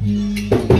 Música